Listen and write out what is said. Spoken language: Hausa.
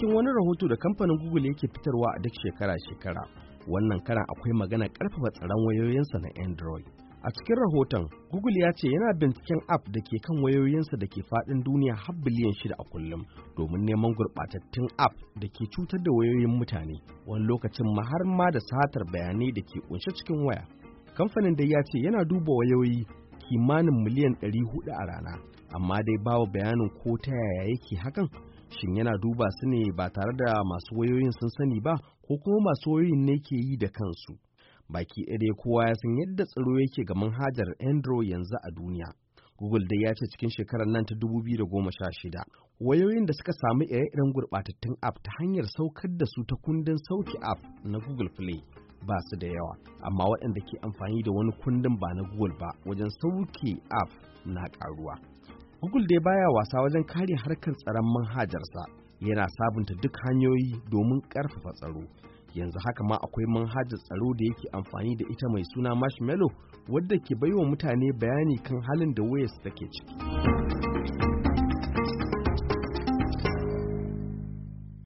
cikin wani rahoto da kamfanin Google yake fitarwa a duk shekara-shekara, wannan karan akwai magana karfafa tsaron wayoyinsa na Android. A cikin rahoton, Google ya ce yana binciken app da ke kan wayoyinsa da ke faɗin duniya har biliyan shida a kullum domin neman gurɓatattun app da ke cutar da wayoyin mutane, wani lokacin ma har ma da satar bayanai da ke ƙunshe cikin waya. Kamfanin dai ya ce yana duba wayoyi kimanin miliyan 400 a rana amma dai bawa bayanin ko ta yaya yake hakan shin yana duba su ne ba tare da masu wayoyin sun sani ba ko kuma masu wayoyin ne ke yi da kansu baki ɗaya kowa ya san yadda tsaro yake ga manhajar android yanzu a duniya Google dai ya ce cikin shekarar nan ta 2016 wayoyin da suka samu ire-iren gurɓatattun app ta hanyar saukar da su ta kundin sauki app na Google Play ba su da yawa amma waɗanda ke amfani da wani kundin ba na google ba wajen sauke app na karuwa google dai baya wasa wajen kare harkar tsaron manhajarsa yana sabunta duk hanyoyi domin ƙarfafa tsaro yanzu haka ma akwai manhajar tsaro da yake amfani da ita mai suna marshmallow wadda ke baiwa mutane bayani kan halin da wayarsu take ciki